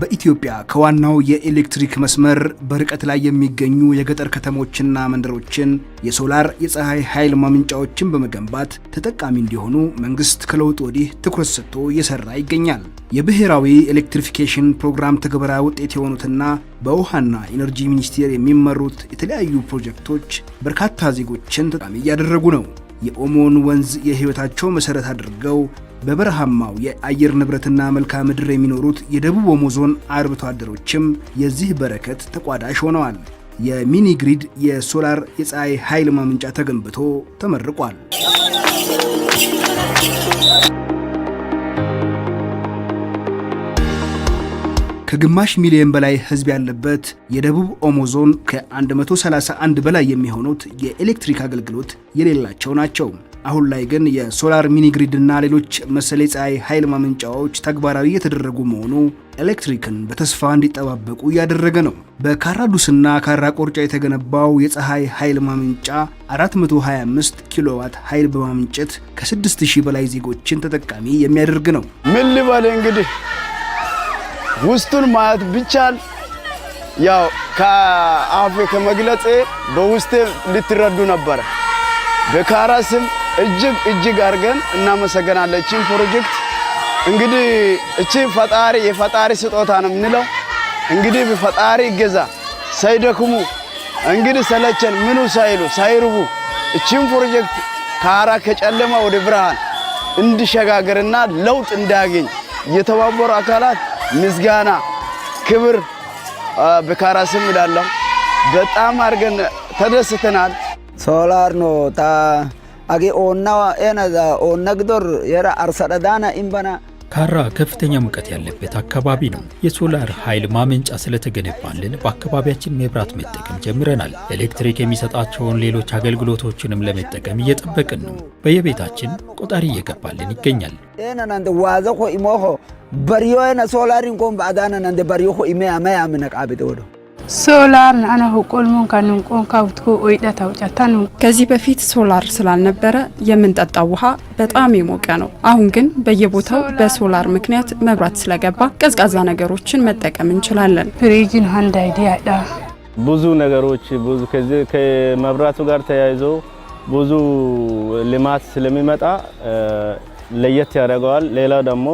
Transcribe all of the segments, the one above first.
በኢትዮጵያ ከዋናው የኤሌክትሪክ መስመር በርቀት ላይ የሚገኙ የገጠር ከተሞችና መንደሮችን የሶላር የፀሐይ ኃይል ማምንጫዎችን በመገንባት ተጠቃሚ እንዲሆኑ መንግስት ከለውጥ ወዲህ ትኩረት ሰጥቶ እየሰራ ይገኛል። የብሔራዊ ኤሌክትሪፊኬሽን ፕሮግራም ትግበራ ውጤት የሆኑትና በውሃና ኢነርጂ ሚኒስቴር የሚመሩት የተለያዩ ፕሮጀክቶች በርካታ ዜጎችን ተጠቃሚ እያደረጉ ነው። የኦሞን ወንዝ የህይወታቸው መሰረት አድርገው በበረሃማው የአየር ንብረትና መልክዓ ምድር የሚኖሩት የደቡብ ኦሞ ዞን አርብቶ አደሮችም የዚህ በረከት ተቋዳሽ ሆነዋል። የሚኒግሪድ የሶላር የፀሐይ ኃይል ማመንጫ ተገንብቶ ተመርቋል። ከግማሽ ሚሊዮን በላይ ሕዝብ ያለበት የደቡብ ኦሞ ዞን ከ131 በላይ የሚሆኑት የኤሌክትሪክ አገልግሎት የሌላቸው ናቸው። አሁን ላይ ግን የሶላር እና ሌሎች መሰል የፀሐይ ኃይል ማመንጫዎች ተግባራዊ እየተደረጉ መሆኑ ኤሌክትሪክን በተስፋ እንዲጠባበቁ እያደረገ ነው። በካራዱስና ካራ ቆርጫ የተገነባው የፀሐይ ኃይል ማመንጫ 425 ኪሎዋት ኃይል በማመንጨት ከ6000 በላይ ዜጎችን ተጠቃሚ የሚያደርግ ነው። ምን ልበል እንግዲህ ውስጡን ማየት ብቻል ያው ከአፌ ከመግለጼ በውስጤ ልትረዱ ነበረ በካራ ስም እጅግ እጅግ አድርገን እናመሰግናለን። እቺን ፕሮጀክት እንግዲህ እቺ ፈጣሪ የፈጣሪ ስጦታ ነው የምንለው። እንግዲህ በፈጣሪ እገዛ ሳይደክሙ እንግዲህ ሰለቸን ምኑ ሳይሉ ሳይርቡ እቺን ፕሮጀክት ካራ ከጨለማ ወደ ብርሃን እንዲሸጋገርና ለውጥ እንዳያገኝ የተባበሩ አካላት ምስጋና ክብር በካራ ስም እላለሁ። በጣም አድርገን ተደስተናል። ሶላር ነው ታ አጌ ኦና ኤነዛ ኦነግዶር የራ አርሰዳዳና ኢምባና ካራ ከፍተኛ ሙቀት ያለበት አካባቢ ነው። የሶላር ኃይል ማመንጫ ስለተገነባልን በአካባቢያችን መብራት መጠቀም ጀምረናል። ኤሌክትሪክ የሚሰጣቸውን ሌሎች አገልግሎቶችንም ለመጠቀም እየጠበቅን ነው። በየቤታችን ቆጣሪ እየገባልን ይገኛል። ናንደ ዋዘኮ ኢሞሆ በሪዮ ሶላሪንኮን በአዳና ናንደ በሪዮ ኢሜያመያምነቃቤ ወደ ሶላር ንአነሁ ቆልሞን ካንንቆን ካብትኩ ኦይዳታ ውጫታን ከዚህ በፊት ሶላር ስላልነበረ የምንጠጣው ውሃ በጣም የሞቀ ነው። አሁን ግን በየቦታው በሶላር ምክንያት መብራት ስለገባ ቀዝቃዛ ነገሮችን መጠቀም እንችላለን። ፍሪጅን አይዲያ ዳ ብዙ ነገሮች ብዙ ከዚህ ከመብራቱ ጋር ተያይዞ ብዙ ልማት ስለሚመጣ ለየት ያደርገዋል። ሌላ ደግሞ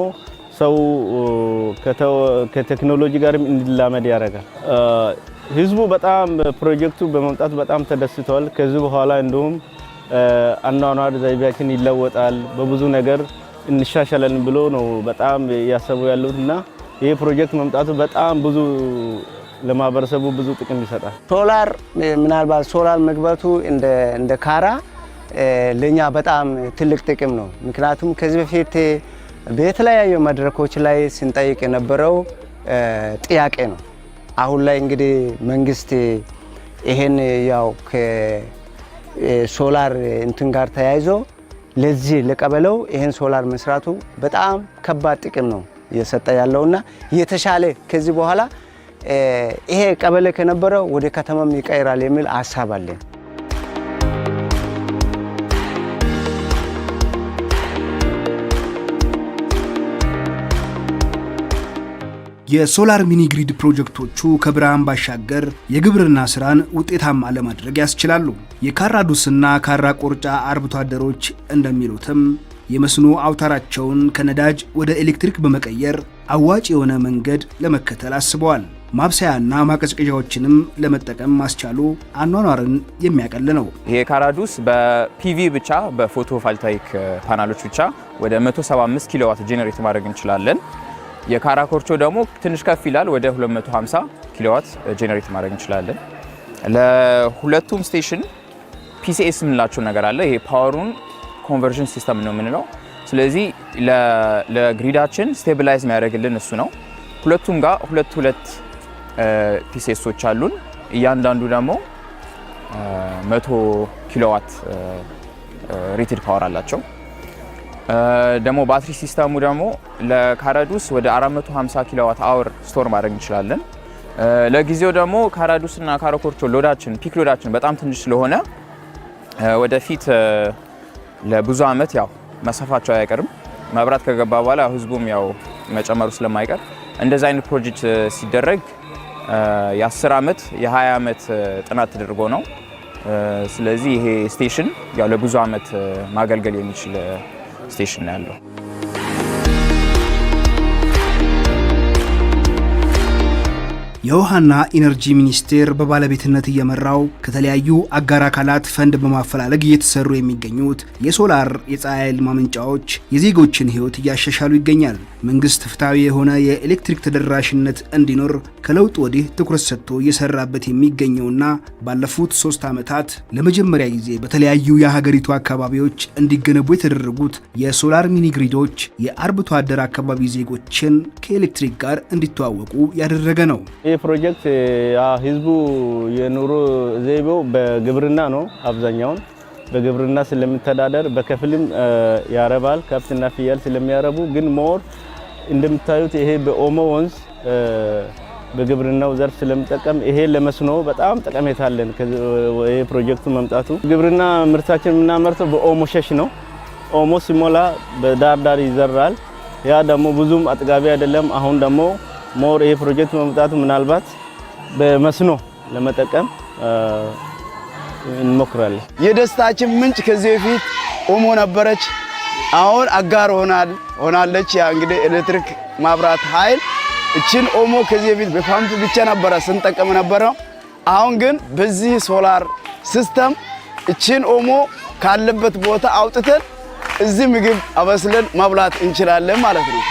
ሰው ከቴክኖሎጂ ጋር እንዲላመድ ያደርጋል። ህዝቡ በጣም ፕሮጀክቱ በመምጣቱ በጣም ተደስተዋል። ከዚህ በኋላ እንዲሁም አኗኗር ዘይቤያችን ይለወጣል፣ በብዙ ነገር እንሻሻለን ብሎ ነው በጣም እያሰቡ ያሉት እና ይህ ፕሮጀክት መምጣቱ በጣም ብዙ ለማህበረሰቡ ብዙ ጥቅም ይሰጣል። ሶላር ምናልባት ሶላር መግባቱ እንደ ካራ ለእኛ በጣም ትልቅ ጥቅም ነው። ምክንያቱም ከዚህ በፊት በተለያዩ መድረኮች ላይ ስንጠይቅ የነበረው ጥያቄ ነው። አሁን ላይ እንግዲህ መንግስት ይሄን ያው ከሶላር እንትን ጋር ተያይዞ ለዚህ ለቀበለው ይሄን ሶላር መስራቱ በጣም ከባድ ጥቅም ነው እየሰጠ ያለውና የተሻለ ከዚህ በኋላ ይሄ ቀበሌ ከነበረው ወደ ከተማም ይቀይራል የሚል ሀሳብ አለን። የሶላር ሚኒ ግሪድ ፕሮጀክቶቹ ከብርሃን ባሻገር የግብርና ስራን ውጤታማ ለማድረግ ያስችላሉ። የካራዱስና ካራ ቆርጫ አርብቶ አደሮች እንደሚሉትም የመስኖ አውታራቸውን ከነዳጅ ወደ ኤሌክትሪክ በመቀየር አዋጭ የሆነ መንገድ ለመከተል አስበዋል። ማብሰያና ማቀዝቀዣዎችንም ለመጠቀም ማስቻሉ አኗኗርን የሚያቀል ነው። ይሄ ካራዱስ በፒቪ ብቻ በፎቶቫልታይክ ፓናሎች ብቻ ወደ 175 ኪሎዋት ጄኔሬት ማድረግ እንችላለን። የካራኮርቾ ደግሞ ትንሽ ከፍ ይላል። ወደ 250 ኪሎዋት ጄኔሬት ማድረግ እንችላለን። ለሁለቱም ስቴሽን ፒሲኤስ የምንላቸው ነገር አለ። ይሄ ፓወሩን ኮንቨርዥን ሲስተም ነው የምንለው። ስለዚህ ለግሪዳችን ስቴብላይዝ የሚያደርግልን እሱ ነው። ሁለቱም ጋር ሁለት ሁለት ፒሲኤሶች አሉን። እያንዳንዱ ደግሞ 100 ኪሎዋት ሬትድ ፓወር አላቸው። ደግሞ ባትሪ ሲስተሙ ደግሞ ለካራዱስ ወደ 450 ኪሎዋት አወር ስቶር ማድረግ እንችላለን። ለጊዜው ደግሞ እና ካራኮርቾ ሎዳችን ፒክ ሎዳችን በጣም ትንሽ ስለሆነ ወደፊት ለብዙ አመት ያው መሰፋቸው አይቀርም። መብራት ከገባ በኋላ ህዝቡም ያው መጨመሩ ስለማይቀር እንደዚህ አይነት ፕሮጀክት ሲደረግ የ10 ዓመት የ20 ዓመት ጥናት ተደርጎ ነው። ስለዚህ ይሄ ስቴሽን ያው ለብዙ አመት ማገልገል የሚችል ስቴሽን ነው ያለው። የውሃና ኢነርጂ ሚኒስቴር በባለቤትነት እየመራው ከተለያዩ አጋር አካላት ፈንድ በማፈላለግ እየተሰሩ የሚገኙት የሶላር የፀሐይ ኃይል ማመንጫዎች የዜጎችን ሕይወት እያሻሻሉ ይገኛል። መንግስት ፍትሐዊ የሆነ የኤሌክትሪክ ተደራሽነት እንዲኖር ከለውጥ ወዲህ ትኩረት ሰጥቶ እየሰራበት የሚገኘውና ባለፉት ሶስት ዓመታት ለመጀመሪያ ጊዜ በተለያዩ የሀገሪቱ አካባቢዎች እንዲገነቡ የተደረጉት የሶላር ሚኒ ግሪዶች የአርብቶ አደር አካባቢ ዜጎችን ከኤሌክትሪክ ጋር እንዲተዋወቁ ያደረገ ነው። ይህ ፕሮጀክት ህዝቡ የኑሮ ዘይቤው በግብርና ነው። አብዛኛውን በግብርና ስለሚተዳደር በከፊልም ያረባል። ከብትና ፍየል ስለሚያረቡ ግን ሞር እንደምታዩት ይሄ በኦሞ ወንዝ በግብርናው ዘርፍ ለመጠቀም ይሄ ለመስኖ በጣም ጠቀሜታ አለን። ይሄ ፕሮጀክቱ መምጣቱ ግብርና ምርታችን የምናመርተው በኦሞ ሸሽ ነው። ኦሞ ሲሞላ በዳር ዳር ይዘራል። ያ ደግሞ ብዙም አጥጋቢ አይደለም። አሁን ደግሞ ሞር ይሄ ፕሮጀክት መምጣቱ ምናልባት በመስኖ ለመጠቀም እንሞክራለን። የደስታችን ምንጭ ከዚህ በፊት ኦሞ ነበረች። አሁን አጋር ሆናል ሆናለች። ያ እንግዲህ ኤሌክትሪክ ማብራት ኃይል እችን ኦሞ ከዚህ በፊት በፓምፕ ብቻ ነበረ ስንጠቀም ነበረው። አሁን ግን በዚህ ሶላር ሲስተም እችን ኦሞ ካለበት ቦታ አውጥተን እዚህ ምግብ አበስለን መብላት እንችላለን ማለት ነው።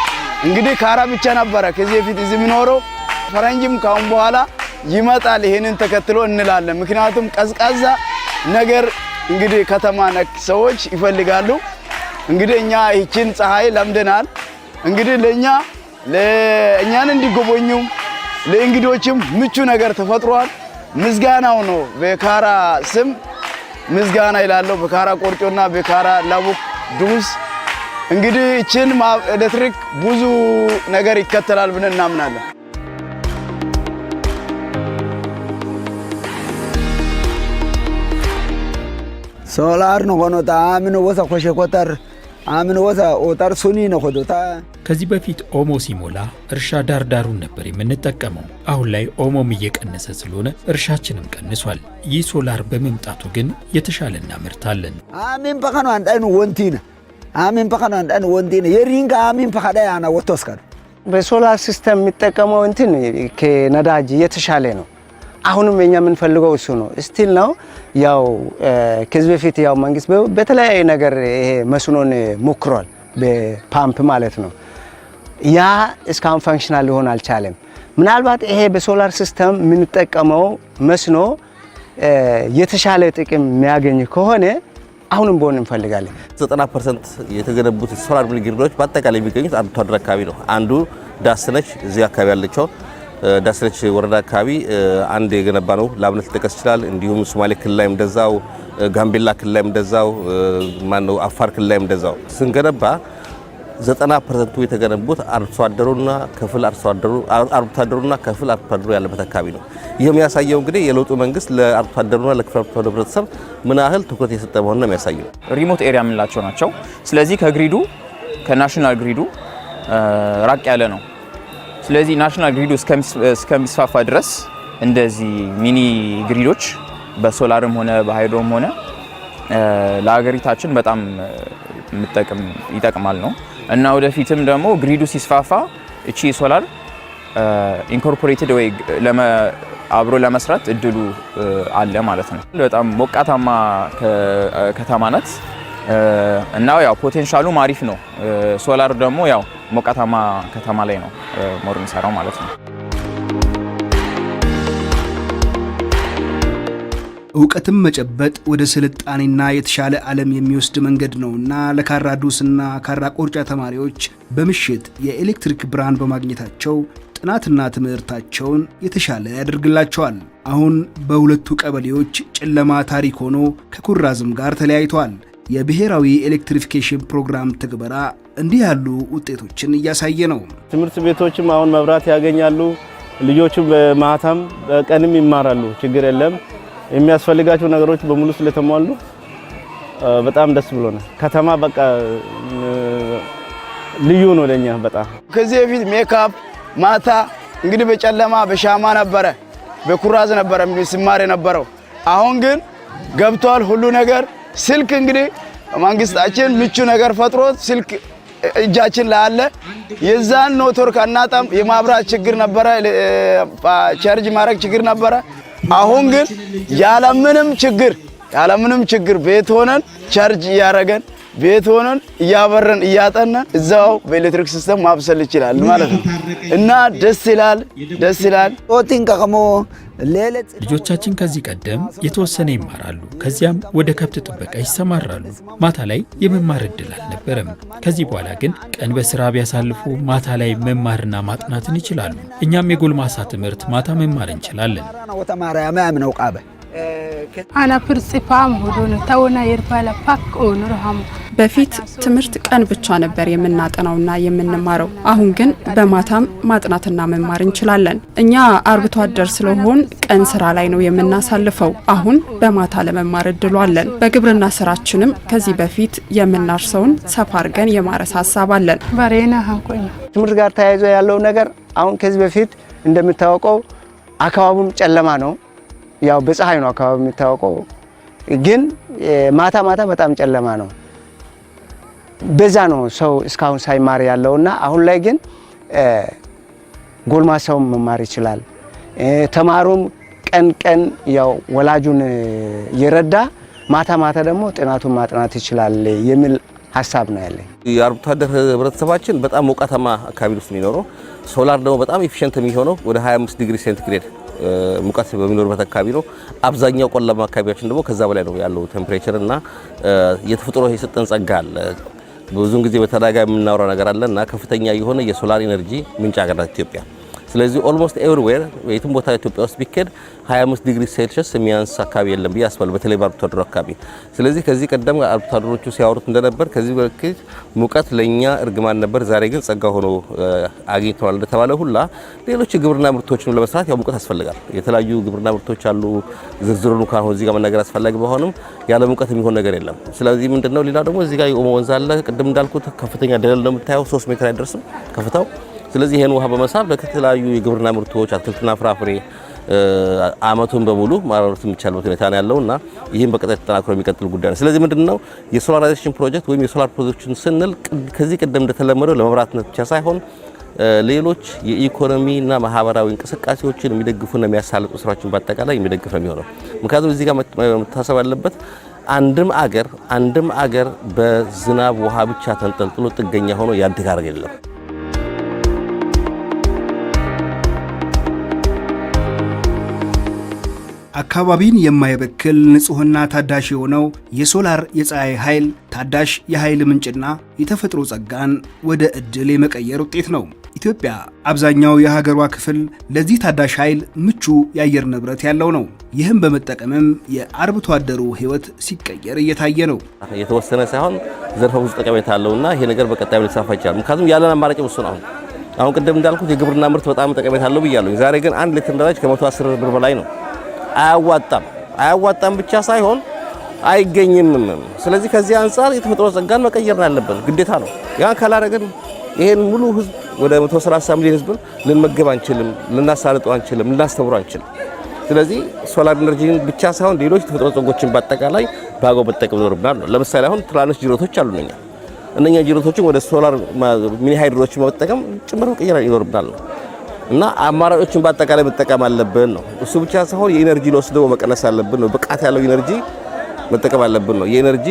እንግዲህ ካራ ብቻ ነበረ ከዚህ በፊት እዚህ የሚኖረው ፈረንጅም ካሁን በኋላ ይመጣል ይሄንን ተከትሎ እንላለን። ምክንያቱም ቀዝቃዛ ነገር እንግዲህ ከተማ ነክ ሰዎች ይፈልጋሉ። እንግዲህ እኛ ይችን ፀሐይ ለምደናል። እንግዲህ ለእኛ ለእኛን እንዲጎበኙም ለእንግዶችም ምቹ ነገር ተፈጥሯል። ምዝጋናው ነው በካራ ስም ምዝጋና ይላለው በካራ ቆርጮና በካራ ላቡክ ድሩስ እንግዲህ ይችን ኤሌክትሪክ ብዙ ነገር ይከተላል ብለን እናምናለን። ሶላር ነው ሆኖ ጣም ነው ወሰ ኮሸ ኮተር አምንወታ ኦጣር ሱኒ ነኮዶታ ከዚህ በፊት ኦሞ ሲሞላ እርሻ ዳርዳሩን ነበር የምንጠቀመው። አሁን ላይ ኦሞም እየቀነሰ ስለሆነ እርሻችንም ቀንሷል። ይህ ሶላር በመምጣቱ ግን የተሻለ እናመርታለን። አሚን በከኑ አንዳይኑ ወንቲነ አሚን በከኑ አንዳይኑ ወንቲነ የሪንጋ አሚን በከዳ ያና ወቶስካ በሶላር ሲስተም የሚጠቀመው እንትን ከነዳጅ የተሻለ ነው። አሁንም የኛ የምንፈልገው እሱ ነው። ስቲል ነው ያው ከዚህ በፊት ያው መንግስት በተለያየ ነገር ይሄ መስኖን ሞክሯል፣ በፓምፕ ማለት ነው። ያ እስካሁን ፈንክሽናል ሊሆን አልቻለም። ምናልባት ይሄ በሶላር ሲስተም የምንጠቀመው መስኖ የተሻለ ጥቅም የሚያገኝ ከሆነ አሁንም በሆን እንፈልጋለን። 90 ፐርሰንት የተገነቡት ሶላር ሚኒ ግሪዶች በአጠቃላይ የሚገኙት አንዱ አደር አካባቢ ነው። አንዱ ዳስነች እዚህ አካባቢ ያለቸው ዳስነች ወረዳ አካባቢ አንድ የገነባ ነው ለአብነት ሊጠቀስ ይችላል። እንዲሁም ሶማሌ ክልል ላይ እንደዛው፣ ጋምቤላ ክልል ላይ እንደዛው፣ ማነው አፋር ክልል ላይ እንደዛው ስንገነባ ዘጠና ፐርሰንቱ የተገነቡት አርብቶ አደሩና ክፍል አርብቶ አደሩና ከፍል አርብቶ አደሩ ያለበት አካባቢ ነው። ይህ የሚያሳየው እንግዲህ የለውጡ መንግስት ለአርብቶ አደሩና ለክፍል አርብቶ አደሩ ህብረተሰብ ምን ያህል ትኩረት የሰጠ መሆኑ ነው የሚያሳየው። ሪሞት ኤሪያ የምንላቸው ናቸው። ስለዚህ ከግሪዱ ከናሽናል ግሪዱ ራቅ ያለ ነው። ስለዚህ ናሽናል ግሪዱ እስከሚስፋፋ ድረስ እንደዚህ ሚኒ ግሪዶች በሶላርም ሆነ በሃይድሮም ሆነ ለሀገሪታችን በጣም ይጠቅማል ነው እና ወደፊትም ደግሞ ግሪዱ ሲስፋፋ እቺ ሶላር ኢንኮርፖሬትድ ወይ አብሮ ለመስራት እድሉ አለ ማለት ነው። በጣም ሞቃታማ ከተማ ናት እና ያው ፖቴንሻሉም አሪፍ ነው። ሶላር ደግሞ ያው ሞቃታማ ከተማ ላይ ነው ሞር የሚሰራው ማለት ነው። እውቀትም መጨበጥ ወደ ስልጣኔና የተሻለ ዓለም የሚወስድ መንገድ ነውና እና ካራ ቆርጫ ተማሪዎች በምሽት የኤሌክትሪክ ብርሃን በማግኘታቸው ጥናትና ትምህርታቸውን የተሻለ ያደርግላቸዋል። አሁን በሁለቱ ቀበሌዎች ጨለማ ታሪክ ሆኖ ከኩራዝም ጋር ተለያይተዋል። የብሔራዊ ኤሌክትሪፊኬሽን ፕሮግራም ትግበራ እንዲህ ያሉ ውጤቶችን እያሳየ ነው። ትምህርት ቤቶችም አሁን መብራት ያገኛሉ። ልጆቹም በማታም በቀንም ይማራሉ። ችግር የለም። የሚያስፈልጋቸው ነገሮች በሙሉ ስለተሟሉ በጣም ደስ ብሎናል። ከተማ በቃ ልዩ ነው ለኛ በጣም ከዚህ በፊት ሜካፕ ማታ እንግዲህ በጨለማ በሻማ ነበረ፣ በኩራዝ ነበረ ሲማር የነበረው አሁን ግን ገብቷል ሁሉ ነገር ስልክ እንግዲህ መንግስታችን ምቹ ነገር ፈጥሮ ስልክ እጃችን ላይ አለ። የዛን ኔትወርክ አናጣም። የማብራት ችግር ነበረ፣ ቸርጅ ማድረግ ችግር ነበረ። አሁን ግን ያለምንም ችግር ያለምንም ችግር ቤት ሆነን ቸርጅ እያደረገን ቤት ሆነን እያበረን እያጠነን እዛው በኤሌክትሪክ ሲስተም ማብሰል ይችላል ማለት ነው እና ደስ ይላል፣ ደስ ይላል። ልጆቻችን ከዚህ ቀደም የተወሰነ ይማራሉ፣ ከዚያም ወደ ከብት ጥበቃ ይሰማራሉ። ማታ ላይ የመማር እድል አልነበረም። ከዚህ በኋላ ግን ቀን በስራ ቢያሳልፉ ማታ ላይ መማርና ማጥናትን ይችላሉ። እኛም የጎልማሳ ትምህርት ማታ መማር እንችላለን። በፊት ትምህርት ቀን ብቻ ነበር የምናጠናውና የምንማረው። አሁን ግን በማታም ማጥናትና መማር እንችላለን። እኛ አርብቶ አደር ስለሆን ቀን ስራ ላይ ነው የምናሳልፈው። አሁን በማታ ለመማር እድሉ አለን። በግብርና ስራችንም ከዚህ በፊት የምናርሰውን ሰፋ አድርገን የማረስ ሀሳብ አለን። ትምህርት ጋር ተያይዞ ያለው ነገር አሁን ከዚህ በፊት እንደምታወቀው አካባቢውም ጨለማ ነው። ያው በፀሐይ ነው አካባቢ የሚታወቀው፣ ግን ማታ ማታ በጣም ጨለማ ነው። በዛ ነው ሰው እስካሁን ሳይማር ያለውና አሁን ላይ ግን ጎልማሳውም መማር ይችላል። ተማሩም ቀን ቀን ያው ወላጁን እየረዳ ማታ ማታ ደግሞ ጥናቱን ማጥናት ይችላል የሚል ሀሳብ ነው ያለኝ። የአርብቶ አደር ህብረተሰባችን በጣም ሞቃታማ አካባቢ ውስጥ የሚኖረው ሶላር ደግሞ በጣም ኤፊሽንት የሚሆነው ወደ 25 ዲግሪ ሴንቲግሬድ ሙቀት በሚኖርበት አካባቢ ነው። አብዛኛው ቆላማ አካባቢያችን ደግሞ ከዛ በላይ ነው ያለው ቴምፕሬቸር እና የተፈጥሮ የሰጠን ጸጋ አለ። ብዙውን ጊዜ በተደጋጋሚ የምናወራው ነገር አለ እና ከፍተኛ የሆነ የሶላር ኢነርጂ ምንጭ ሀገር ናት ኢትዮጵያ። ስለዚህ ኦልሞስት ኤቭሪዌር የትም ቦታ ኢትዮጵያ ውስጥ ቢካሄድ 25 ዲግሪ ሴልሺየስ የሚያንስ አካባቢ የለም ብዬ አስባለሁ፣ በተለይ በአርብቶ አደሩ አካባቢ። ስለዚህ ከዚህ ቀደም አርብቶ አደሮቹ ሲያወሩት እንደነበር ከዚህ በፊት ሙቀት ለእኛ እርግማን ነበር፣ ዛሬ ግን ጸጋ ሆኖ አግኝተዋል እንደተባለ ሁላ ሌሎች የግብርና ምርቶችን ለመስራት ያው ሙቀት ያስፈልጋል። የተለያዩ ግብርና ምርቶች አሉ። ዝርዝሩን ካሁን እዚህ ጋር መናገር አስፈላጊ በሆንም ያለ ሙቀት የሚሆን ነገር የለም። ስለዚህ ምንድነው ሌላ ደግሞ እዚህ ጋር የኦሞ ወንዝ አለ። ቅድም እንዳልኩት ከፍተኛ ደለል ነው የምታየው፣ ሶስት ሜትር አይደርስም ከፍታው ስለዚህ ይህን ውሃ በመሳብ ለተለያዩ የግብርና ምርቶች አትክልትና ፍራፍሬ አመቱን በሙሉ ማረርት የሚቻልበት ሁኔታ ነው ያለው እና ይህም በቀጣይ ተጠናክሮ የሚቀጥል ጉዳይ ነው። ስለዚህ ምንድን ነው የሶላራይዜሽን ፕሮጀክት ወይም የሶላር ፕሮጀክቶችን ስንል ከዚህ ቀደም እንደተለመደው ለመብራትነት ብቻ ሳይሆን ሌሎች የኢኮኖሚና ማህበራዊ እንቅስቃሴዎችን የሚደግፉና የሚያሳልጡ ስራዎችን በአጠቃላይ የሚደግፍ ነው የሚሆነው። ምክንያቱም እዚህ ጋር መታሰብ ያለበት አንድም አገር አንድም አገር በዝናብ ውሃ ብቻ ተንጠልጥሎ ጥገኛ ሆኖ ያድግ አድርግ የለም። አካባቢን የማይበክል ንጹህና ታዳሽ የሆነው የሶላር የፀሐይ ኃይል ታዳሽ የኃይል ምንጭና የተፈጥሮ ጸጋን ወደ ዕድል የመቀየር ውጤት ነው። ኢትዮጵያ አብዛኛው የሀገሯ ክፍል ለዚህ ታዳሽ ኃይል ምቹ የአየር ንብረት ያለው ነው። ይህም በመጠቀምም የአርብቶ አደሩ ሕይወት ሲቀየር እየታየ ነው። የተወሰነ ሳይሆን ዘርፈ ብዙ ጠቀሜታ አለውና ይሄ ነገር በቀጣይ ሊሳፋ ይችላል። ምክንያቱም ያለን አማራጭ ውሱ ነው። አሁን ቅድም እንዳልኩት የግብርና ምርት በጣም ጠቀሜታ አለው ብያለሁ። ዛሬ ግን አንድ ሊትር ነዳጅ ከ110 ብር በላይ ነው። አያዋጣም። አያዋጣም ብቻ ሳይሆን አይገኝምም። ስለዚህ ከዚህ አንጻር የተፈጥሮ ጸጋን መቀየር አለብን፣ ግዴታ ነው። ያን ካላረግን ይሄን ሙሉ ህዝብ ወደ 130 ሚሊዮን ህዝብን ልንመገብ አንችልም፣ ልናሳልጠው አንችልም፣ ልናስተምሩ አንችልም። ስለዚህ ሶላር ኢነርጂን ብቻ ሳይሆን ሌሎች የተፈጥሮ ጸጎችን በአጠቃላይ ባጎ መጠቀም ይኖርብናል ነው። ለምሳሌ አሁን ትናንሽ ጅረቶች አሉ እነኛ እነኛ ጅረቶችን ወደ ሶላር ሚኒ ሃይድሮችን መጠቀም ጭምር መቀየር ይኖርብናል ነው። እና አማራጮችን በአጠቃላይ መጠቀም አለብን ነው። እሱ ብቻ ሳይሆን የኢነርጂ ሎስ ደግሞ መቀነስ አለብን ነው። ብቃት ያለው ኢነርጂ መጠቀም አለብን ነው። የኢነርጂ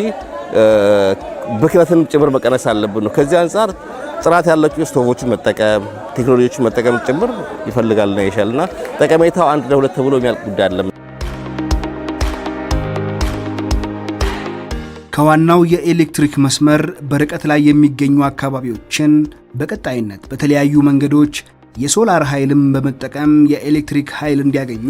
ብክነትን ጭምር መቀነስ አለብን ነው። ከዚህ አንጻር ጥራት ያላቸው ስቶቮችን መጠቀም ቴክኖሎጂዎችን መጠቀም ጭምር ይፈልጋል ነው ይሻልና ጠቀሜታው አንድ ለሁለት ተብሎ የሚያልቅ ጉዳይ አለም። ከዋናው የኤሌክትሪክ መስመር በርቀት ላይ የሚገኙ አካባቢዎችን በቀጣይነት በተለያዩ መንገዶች የሶላር ኃይልም በመጠቀም የኤሌክትሪክ ኃይል እንዲያገኙ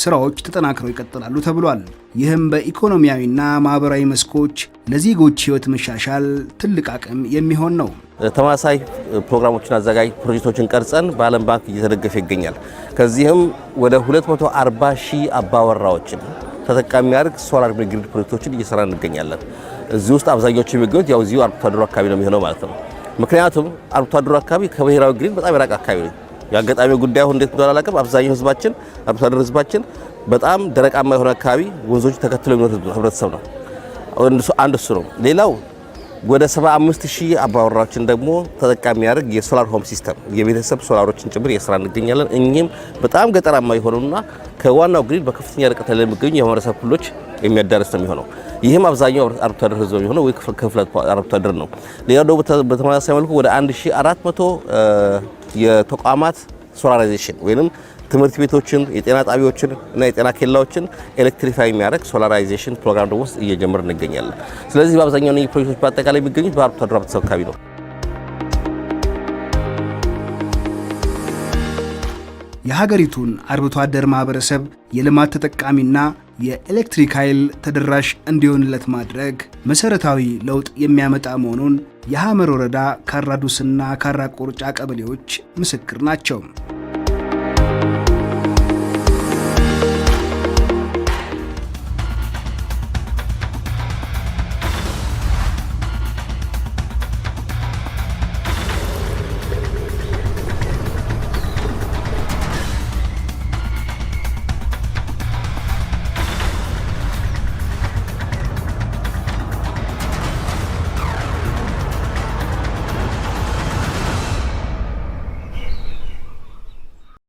ስራዎች ተጠናክረው ይቀጥላሉ ተብሏል። ይህም በኢኮኖሚያዊና ማህበራዊ መስኮች ለዜጎች ህይወት መሻሻል ትልቅ አቅም የሚሆን ነው። ተማሳይ ፕሮግራሞችን አዘጋጅ ፕሮጀክቶችን ቀርጸን በዓለም ባንክ እየተደገፈ ይገኛል። ከዚህም ወደ 240 ሺህ አባወራዎችን ተጠቃሚ የሚያደርግ ሶላር ግሪድ ፕሮጀክቶችን እየሰራ እንገኛለን። እዚህ ውስጥ አብዛኛዎቹ የሚገኙት ያው እዚሁ አርብቶ አደሩ አካባቢ ነው የሚሆነው ማለት ነው። ምክንያቱም አርብቶ አደሩ አካባቢ ከብሔራዊ ግሪድ በጣም የራቅ አካባቢ ነው። የአጋጣሚ ጉዳይ አሁን እንዴት እንደሆነ አላውቅም። አብዛኛው ህዝባችን አርሶ አደር ህዝባችን በጣም ደረቃማ የሆነ አካባቢ ወንዞች ተከትሎ የሚኖር ህብረተሰብ ነው። አንድ እሱ ነው። ሌላው ወደ 75 ሺህ አባወራዎችን ደግሞ ተጠቃሚ ያደርግ የሶላር ሆም ሲስተም የቤተሰብ ሶላሮችን ጭምር የስራ እንገኛለን። እኚህም በጣም ገጠራማ የሆኑና ከዋናው ግሪድ በከፍተኛ ርቀት ላይ ለሚገኙ የማህበረሰብ ክፍሎች የሚያዳርስ ነው የሚሆነው። ይህም አብዛኛው አርብቶ አደር ህዝብ የሚሆነው ወይ ክፍለ አርብቶ አደር ነው። ሌላው ደግሞ በተመሳሳይ መልኩ ወደ 1400 የተቋማት ሶላራይዜሽን ወይም ትምህርት ቤቶችን፣ የጤና ጣቢያዎችን እና የጤና ኬላዎችን ኤሌክትሪፋይ የሚያደርግ ሶላራይዜሽን ፕሮግራም ደግሞ ውስጥ እየጀመር እንገኛለን። ስለዚህ በአብዛኛው እነዚህ ፕሮጀክቶች በአጠቃላይ የሚገኙት በአርብቶ አደሩ ህብረተሰብ አካባቢ ነው። የሀገሪቱን አርብቶ አደር ማህበረሰብ የልማት ተጠቃሚና የኤሌክትሪክ ኃይል ተደራሽ እንዲሆንለት ማድረግ መሰረታዊ ለውጥ የሚያመጣ መሆኑን የሐመር ወረዳ ካራዱስና ካራ ቁርጫ ቀበሌዎች ምስክር ናቸው።